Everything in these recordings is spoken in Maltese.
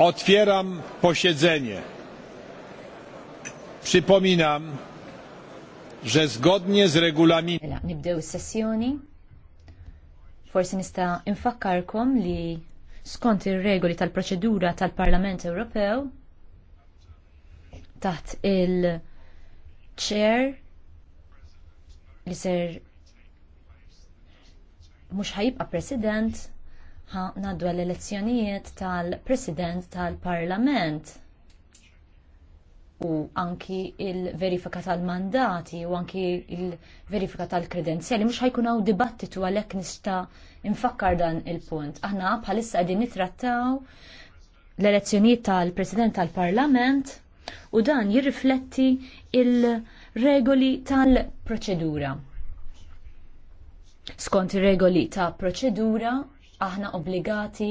Otwieram posiedzenie. Przypominam, że zgodnie z regulaminem. Mela, nibdew sessjoni. Forsi nista' infakkarkom li skont ir-regoli tal-proċedura tal-Parlament Ewropew taħt il-chair li ser mhux ħajibqa' president naddu l-elezzjonijiet tal-President tal-Parlament u anki l verifika tal-mandati u anki l verifika tal-kredenzjali mhux ħajkun hawn dibattitu għalhekk nista' infakkar dan il-punt. Aħna bħalissa qegħdin nittrattaw l-elezzjonijiet tal-President tal-Parlament u dan jirrifletti il-regoli tal-proċedura. Skont ir regoli tal proċedura, aħna obbligati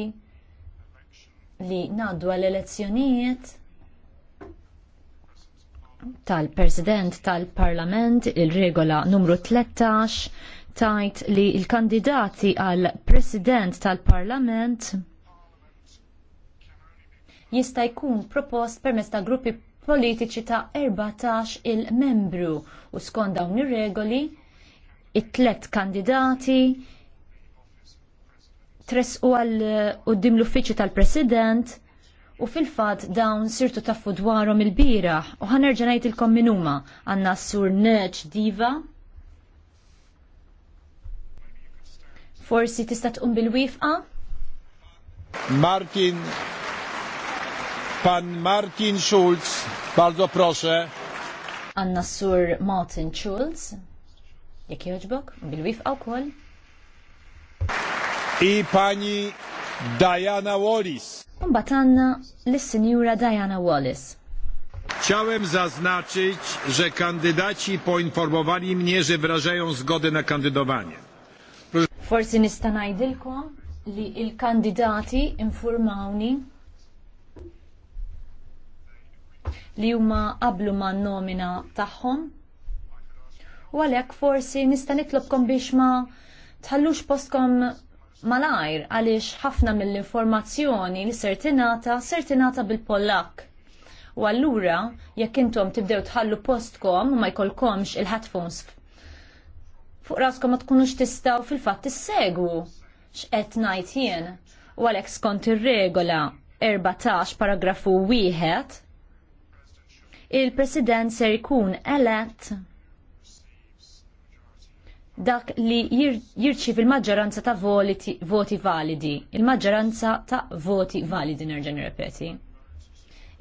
li ngħaddu għall elezzjonijiet tal-President tal-Parlament il-regola numru 13 tajt li l kandidati għal President tal-Parlament jista' jkun propost permezz ta' gruppi politiċi ta' 14 il-membru u skont dawn ir-regoli it-tlet kandidati tresqu għal qoddim l-uffiċċju tal-President u fil-fatt dawn sirtu taffu dwarhom il-bieraħ u ħanerġa' ngħidilkom min huma għandna sur Neċ Diva. Forsi tista' tqum bil-wifqa? Martin Pan Martin Schulz, bardzo proszę. Għanna Sur Martin Schulz, jek joġbok, bil-wifqa u koll. I pani Diana Wallis. Mbatanna għandna senjura Diana Wallis. Chciałem zaznaczyć, że kandydaci poinformowali mnie, że wyrażają zgodę na kandydowanie. Forsi nista' ngħidilkom li il-kandidati informawni li huma qablu ma' nomina tagħhom u għalhekk forsi nista' nitlobkom biex ma tħallux postkom malajr għaliex ħafna mill-informazzjoni li ser tingħata ser tingħata bil-Pollak. U allura jekk intom tibdew tħallu postkom u ma jkollkomx il-headphones fuq raskom ma tkunux tistaw fil-fatt tissegwu x'qed ngħid jien. U għalhekk skont ir-regola 14 paragrafu wieħed il-President ser jkun elett dak li jirċi fil-maġġoranza ta' voti validi. Il-maġġoranza ta' voti validi nerġan nirrepeti.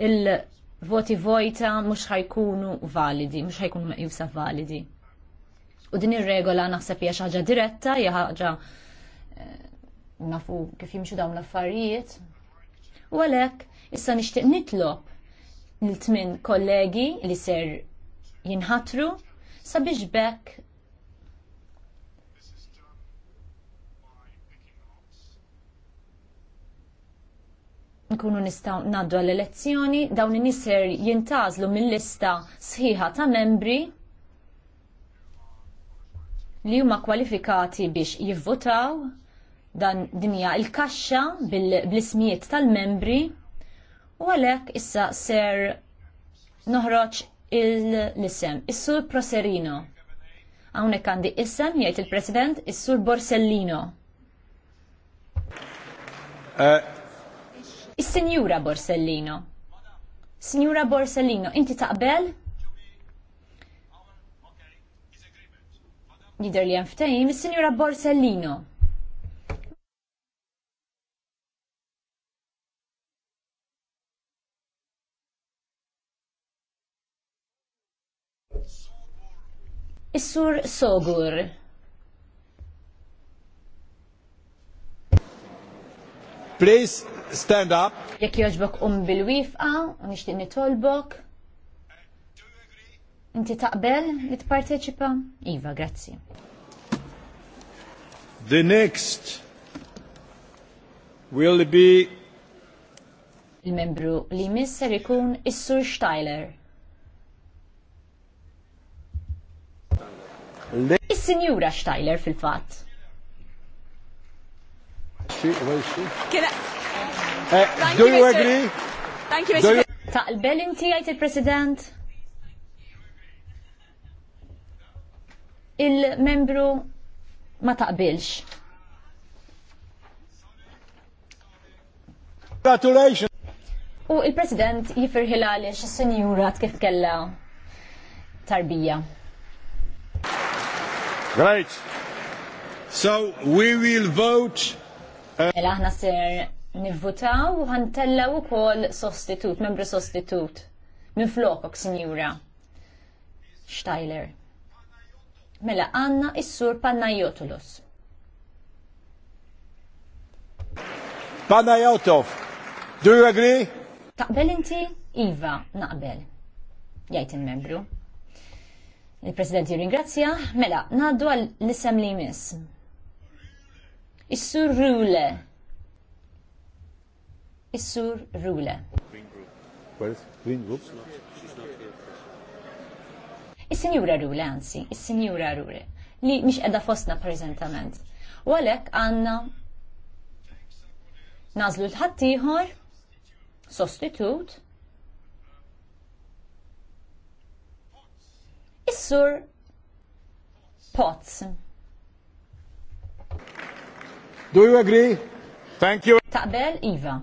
Il-voti vojta mhux ħajkunu validi, mhux ħajkunu meqjusa validi. U din ir-regola naħseb hija xi ħaġa diretta, hija ħaġa eh, nafu kif jimxu dawn l-affarijiet. U għalhekk issa nixtieq nitlob l-tmin kollegi li ser jinħatru sabiex bekk nkunu nistaw naddu għall-elezzjoni, dawn in nisser jintazlu mill-lista sħiħa ta' membri li huma kwalifikati biex jivvotaw dan dinja il-kaxxa bl-ismijiet tal-membri u għalhekk issa ser noħroġ l-isem, is-sur Proserino. Hawnhekk għandi isem jgħid il-President is-sur Borsellino. Uh Is-Sinjura Borsellino. Sinjura Borsellino, inti taqbel? Jider li jenftajim, is-Sinjura Borsellino. Is-sur Sogur. Please stand up. Jekk jogħġbok um bil-wifqa, nixtieq nitolbok. Inti taqbel li tparteċipa? Iva, grazzi. The next will be il-membru li misser ikun is-Sur Steiler. Is-Sinjura Steiler fil-fatt. Eh, do you agree? Thank you, Mr. Taqbel inti għajt il-President? Il-membru ma taqbilx. Congratulations! U il-President jifirħila li x-senjura kif kella tarbija. Great! So we will vote. Uh, mela nivvutaw u u kol sostitut, membru sostitut. Minn flokok, sinjura. Steiler. Mela għanna is-sur Panajotulus. Panajotov, do you agree? Taqbel inti? Iva, naqbel. Jajt il-membru. Il-President jirringrazzja, mela, naddu għal l-isem li jmiss. Is-sur Rule Is-Sur Rule. Is-Sinjura Rule, anzi, is-Sinjura Rule, li mhix edha fostna preżentament. U għalhekk għandna nazlu l ħattijħor sostitut Is-Sur Potts. Do you agree? Thank you. Taqbel Iva.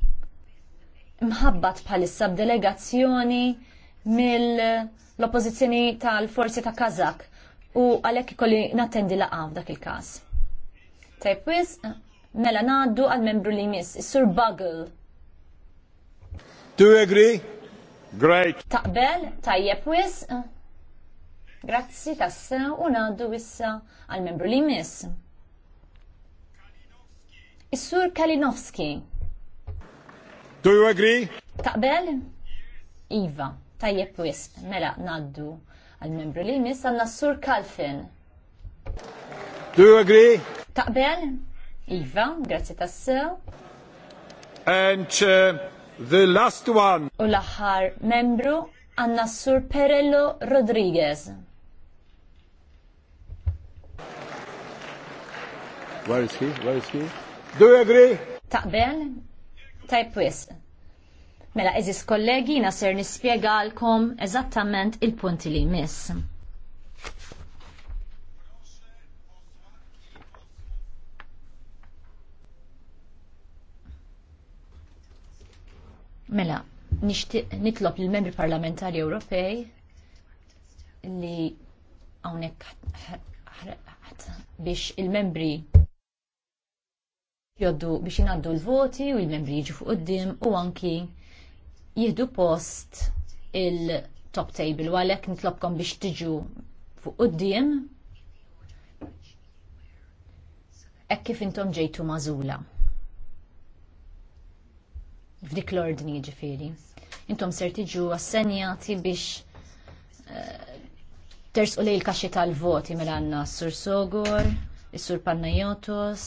mħabbat bħalissa b'delegazzjoni mill-oppożizzjoni tal-forzi ta' Kazak u għalhekk ikolli nattendi laqgħa f'dak il-każ. Tajb wis, mela ngħaddu għal membru li jmiss, is-Sur Bagel. Do you agree? Great. Taqbel, tajjeb wis. Grazzi tassa u ngħaddu issa għal membru li jmiss. Is-Sur Kalinowski. Do you agree? Taqbel? Iva, tajjeb wisq, mela naddu għal-membru li jmiss għanna sur Kalfin. Do you agree? Taqbel? Iva, grazie tassew. And uh, the last one. U l-aħħar membru għanna sur Perello Rodriguez. Where is he? Where is he? Do you agree? Taqbel? Tajb wis. Mela, eżis kollegi, jina ser nispiegalkom eżattament il-punti li jmiss. Mela, nitlob il-membri parlamentari Ewropej li għonek biex il-membri joddu biex jinaddu l-voti u l-membri jiġu fuq qudiem u anki jieħdu post il-top table u għalhekk nitlobkom biex tiġu fuq qudiem hekk kif intom ġejtu mażula. F'dik l-ordni ġifiri. Intom ser tiġu assenjati biex eh, tersqu lej il-kaxxi tal-voti mela għanna s-sur Sogor, is-sur Pannajotos,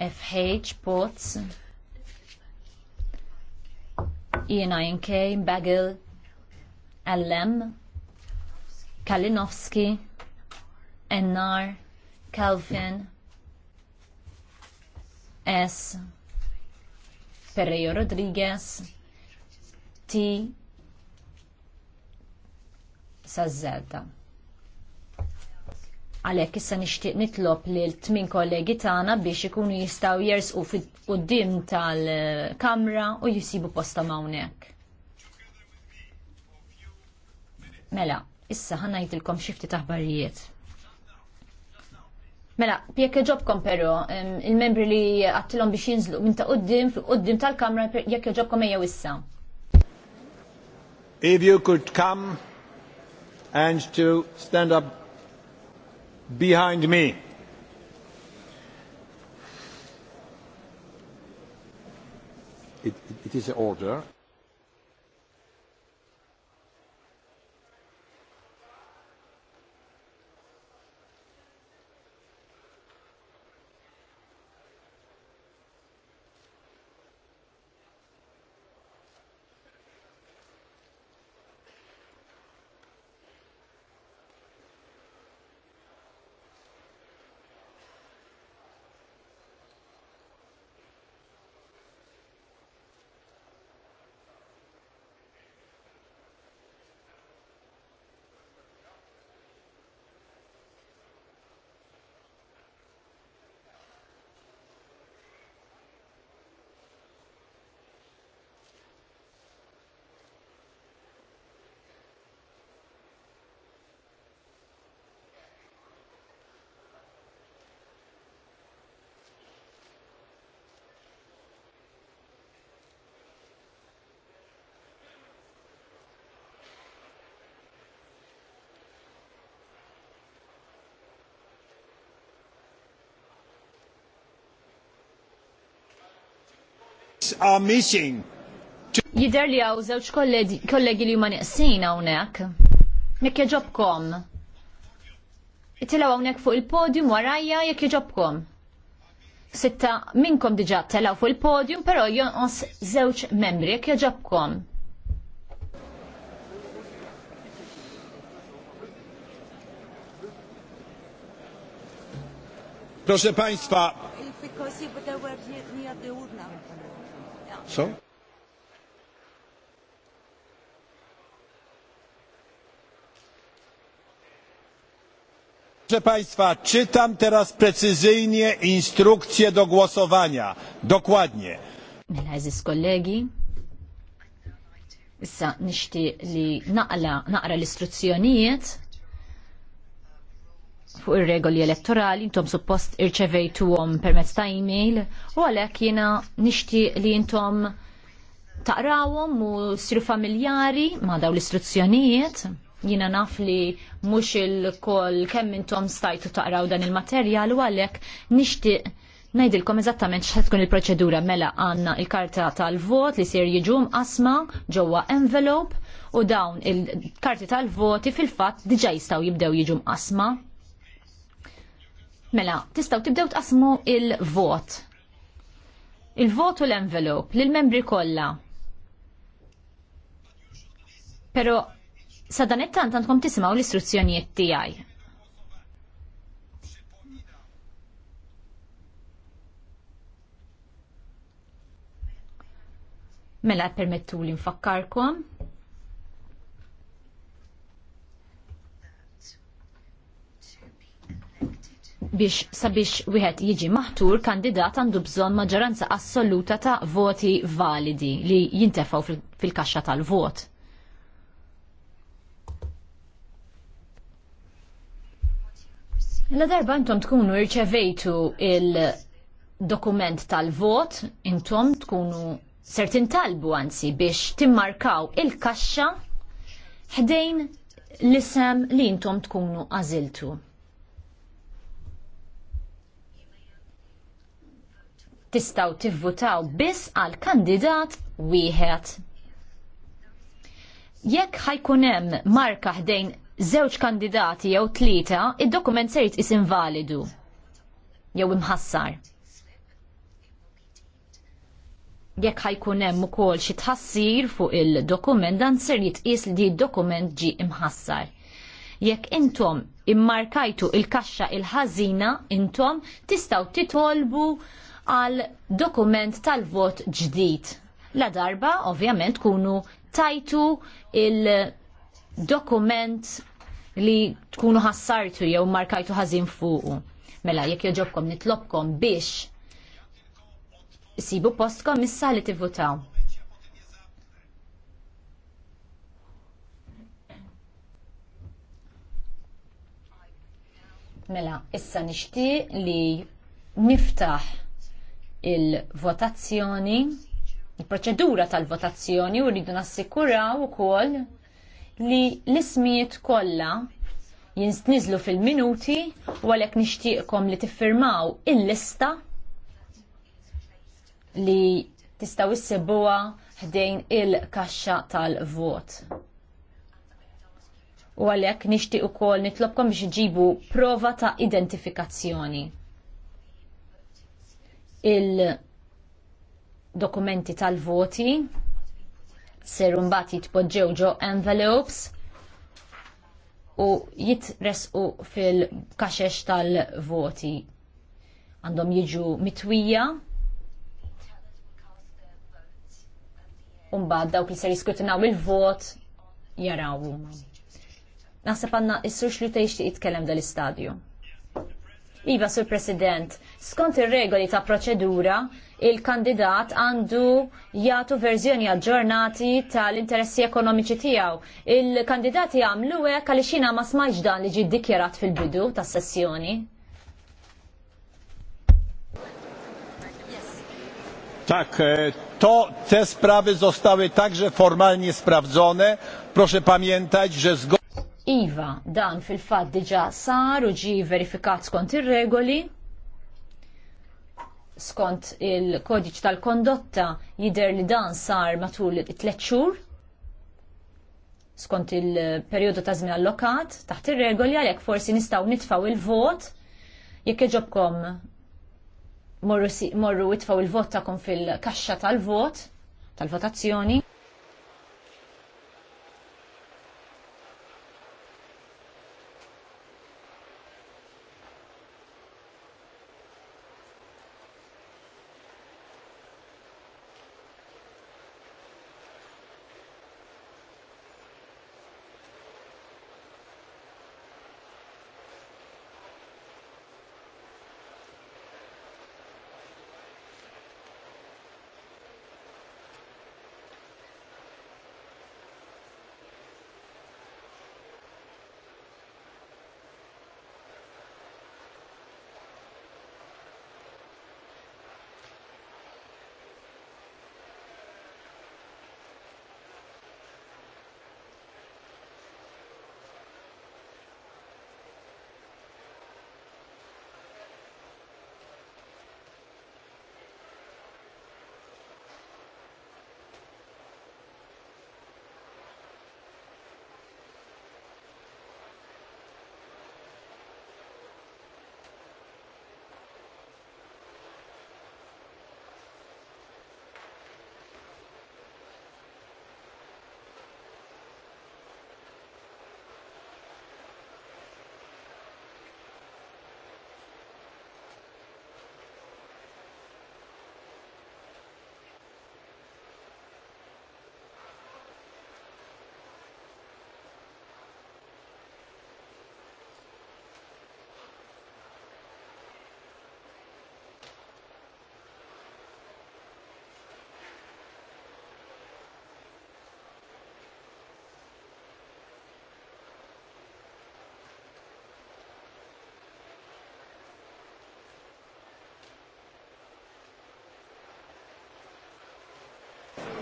FH, Potts, E9K, Bagel, LM, Kalinowski, NR, Kalfin, S, Ferreiro Rodriguez, T, Sazzetta. Għalhekk issa nixtieq nitlob lil tmin kollegi tagħna biex ikunu jistgħu jersqu fil-qudiem tal-kamra u jisibu posta hawnhekk. Mela, issa ħanna xi ftit taħbarijiet. Mela, jekk ġobkom però, il-membri li għattilom biex jinżlu minn ta' qoddim, qoddim tal-kamra jekk ġobkom ejja issa. If you could come and to stand up behind me. It, it, it is an order. are missing. Jider li għaw zewċ kollegi li huma neqsin għawnek. Mekke ġobkom. Itilaw għawnek fuq il-podium warajja jekke ġobkom. Sitta minkom diġa telaw fuq il-podium, però jonqos zewċ membri jekke ġobkom. Proszę Państwa, So? Proszę Państwa, czytam teraz precyzyjnie instrukcje do głosowania. Dokładnie. Mela, aziz kolegi, kollegi, issa nishti li naqra, naqra l-istruzzjonijiet fuq ir-regoli elettorali intom suppost irċevejtuhom permezz ta' email u għalhekk jiena nixtieq li intom taqrawhom u siru familjari ma' daw l-istruzzjonijiet jiena naf li mhux il koll kemm intom stajtu taqraw dan il-materjal u għalhekk nixtieq najdilkom eżattament xħat tkun il-proċedura mela għanna il-karta tal-vot li ser jiġum asma ġewwa envelope u dawn il-karti tal-voti fil-fat diġa jistaw jibdew jiġum asma Mela, tistaw tibdew tqasmu il-vot. Il-vot u l envelope lill-membri kollha. Pero sa dan it-tant għandkom tisimgħu l-istruzzjonijiet tiegħi. Mela permettu li nfakkarkom biex sabiex wieħed jiġi maħtur kandidat għandu bżonn maġġoranza assoluta ta' voti validi li jintefgħu fil-kaxxa tal-vot. La mela darba intom tkunu rċevejtu il-dokument tal-vot, intom tkunu sertin talbu għansi biex timmarkaw il-kaxxa ħdejn l-isem li intom tkunu għaziltu. tistaw tivvutaw biss għal kandidat wieħed. Jekk ħajkun hemm marka ħdejn żewġ kandidati jew tlieta, id-dokument se is invalidu jew imħassar. Jekk ħajkun hemm ukoll xi tħassir fuq il-dokument dan ser jitqies li d dokument ġi imħassar jekk intom immarkajtu il-kaxxa il-ħażina intom tistgħu titolbu għal dokument tal-vot ġdid. La darba, ovvjament, kunu tajtu il-dokument li tkunu ħassartu jew markajtu ħażin fuqu. Mela, jekk joġobkom nitlobkom biex sibu postkom issa li tivvutaw. Mela, issa nixtieq li niftaħ il-votazzjoni, il-proċedura tal-votazzjoni u rridu nassikuraw ukoll li l-ismijiet kollha jinsnizlu fil-minuti u għalhekk nixtieqkom li tiffirmaw il-lista li tistaw issibuha ħdejn il-kaxxa tal-vot. U għalhekk nixtieq ukoll nitlobkom biex iġibu prova ta' identifikazzjoni il-dokumenti tal-voti ser mbagħad jitpoġġew ġo envelopes u jitresqu fil-kaxex tal-voti. Għandhom jiġu mitwija Umbad dawk li ser jiskutinaw il-vot jaraw. Naħseb għandna s-sux li jixtieq jitkellem dal-istadju. Iva, Sur President, skont ir-regoli ta' proċedura, il-kandidat għandu jagħtu verżjoni aġġornati tal-interessi ekonomiċi tiegħu. Il-kandidati għamlu hekk għaliex jiena ma smajx dan li ġie dikjerat fil-bidu tas-sessjoni. Tak, e, to te sprawy zostały także formalnie sprawdzone. Proszę pamiętać, że zgodnie Iva, dan fil-fat diġa sar u ġi verifikat skont ir-regoli, skont il-kodiċ tal-kondotta jider li dan sar matul it-tlet xhur skont il-perjodu ta' żmien allokat taħt ir-regoli għalhekk forsi nistgħu nitfgħu il-vot jekk iġobkom morru, itfgħu itfaw il-vot tagħkom fil-kaxxa tal-vot tal-votazzjoni.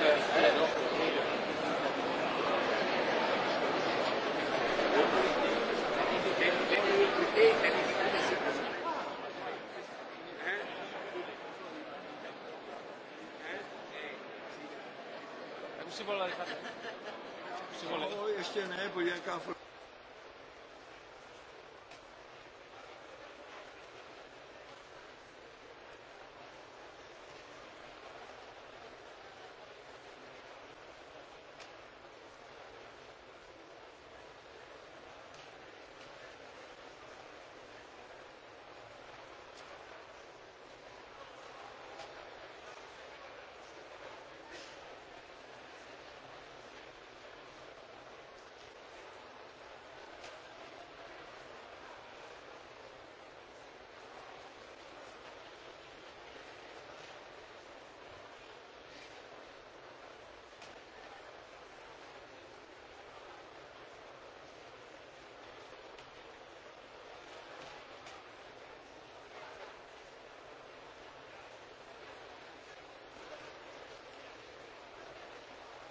Si vuole, si vuole. Oh, io stiamo, eh, vogliamo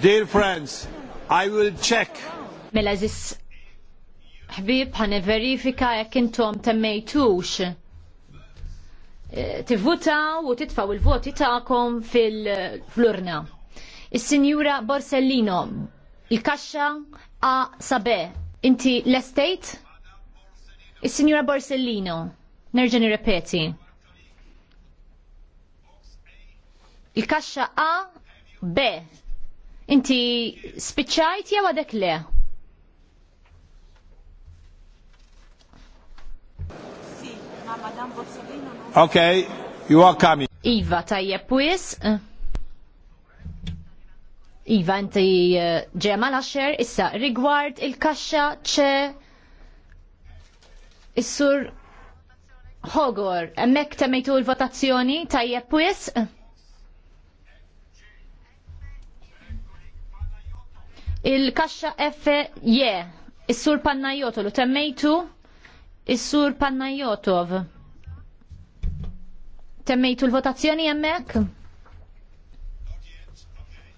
Dear friends, I will check. Mela zis ħbib ħan verifika jekk intom temmejtux. Eh, tivvutaw u titfaw il-voti tagħkom fil-flurna. Is-Sinjura Borsellino, il-kaxxa A sabe, inti l-estate? Is-Sinjura Borsellino, nerġa' nirrepeti. Il-kaxxa A B Inti spiċċajt jew għadek le? Ok, you are coming. Iva, tajjeb pwis. Iva, inti eh, ġemma għaxer, issa, rigward il-kaxxa ċe is-sur Hogor, emmek temmejtu l-votazzjoni tajjeb pwis? Il-kaxxa je, is-sur lu temmejtu is-sur Pannajotov. Temmejtu l-votazzjoni hemmhekk?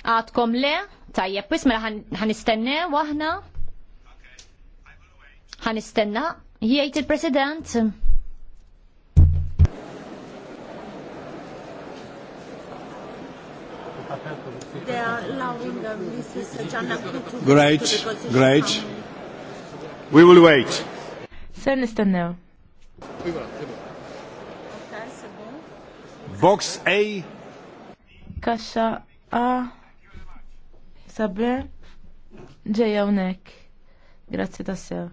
Għadkom le? Tajjeb, isma mela ħanistenne wahna? ħanistenna, jgħid il-President. Thank they are allowing uh, Mrs. Gianna Pitu. Great, great. We will wait. Sir, No. Box A. Kasha A. Sabre. Jay Onek. Grazie tassel.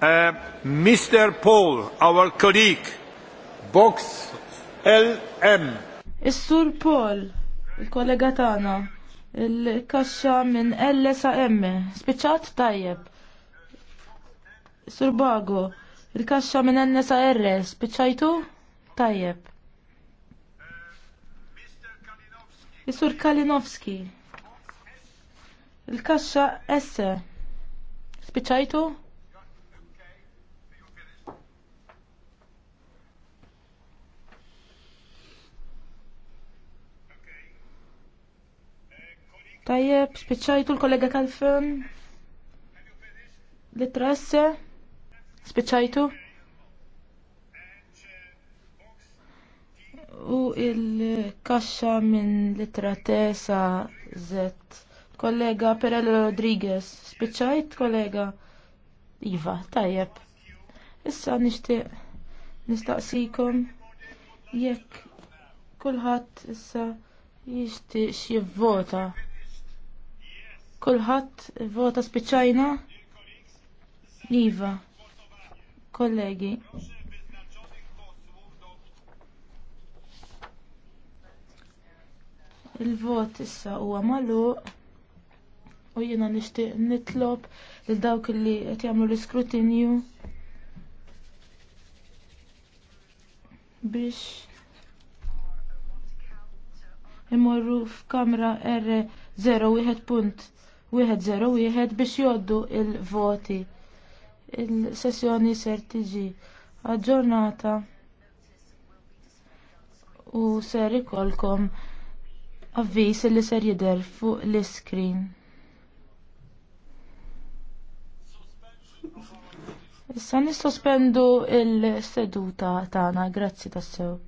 Uh, Mr. Paul, our colleague, Box LM. Is-Sur Paul, il-kollega tagħna, il-kaxxa minn L sa M, spiċċat tajjeb. Sur Bago, il-kaxxa minn N sa R, spiċċajtu tajjeb. Is-Sur Kalinowski, il-kaxxa S, spiċċajtu? Tajjeb, spiċċajtu l-kollega Kalfen. Litrasse. Spiċċajtu. U il-kaxxa minn litra tesa Z. Kollega Perello Rodriguez. Spiċċajt, kollega? Iva, tajjeb. Issa nixtieq nistaqsikom jekk kulħadd issa jixtieq jivvota. Kulħadd vota spiċċajna. Iva. Kollegi. Il-vot issa huwa magħluq u jiena nixtieq nitlob lil dawk li qed jagħmlu l-iskrutinju biex imorru f'kamra R01.0 wieħed biex joddu il-voti. Il-sessjoni ser tiġi aġġornata u ser ikolkom avviż li ser jidher fuq l-iskrin. Issa nissospendu l seduta tagħna, grazzi tassew.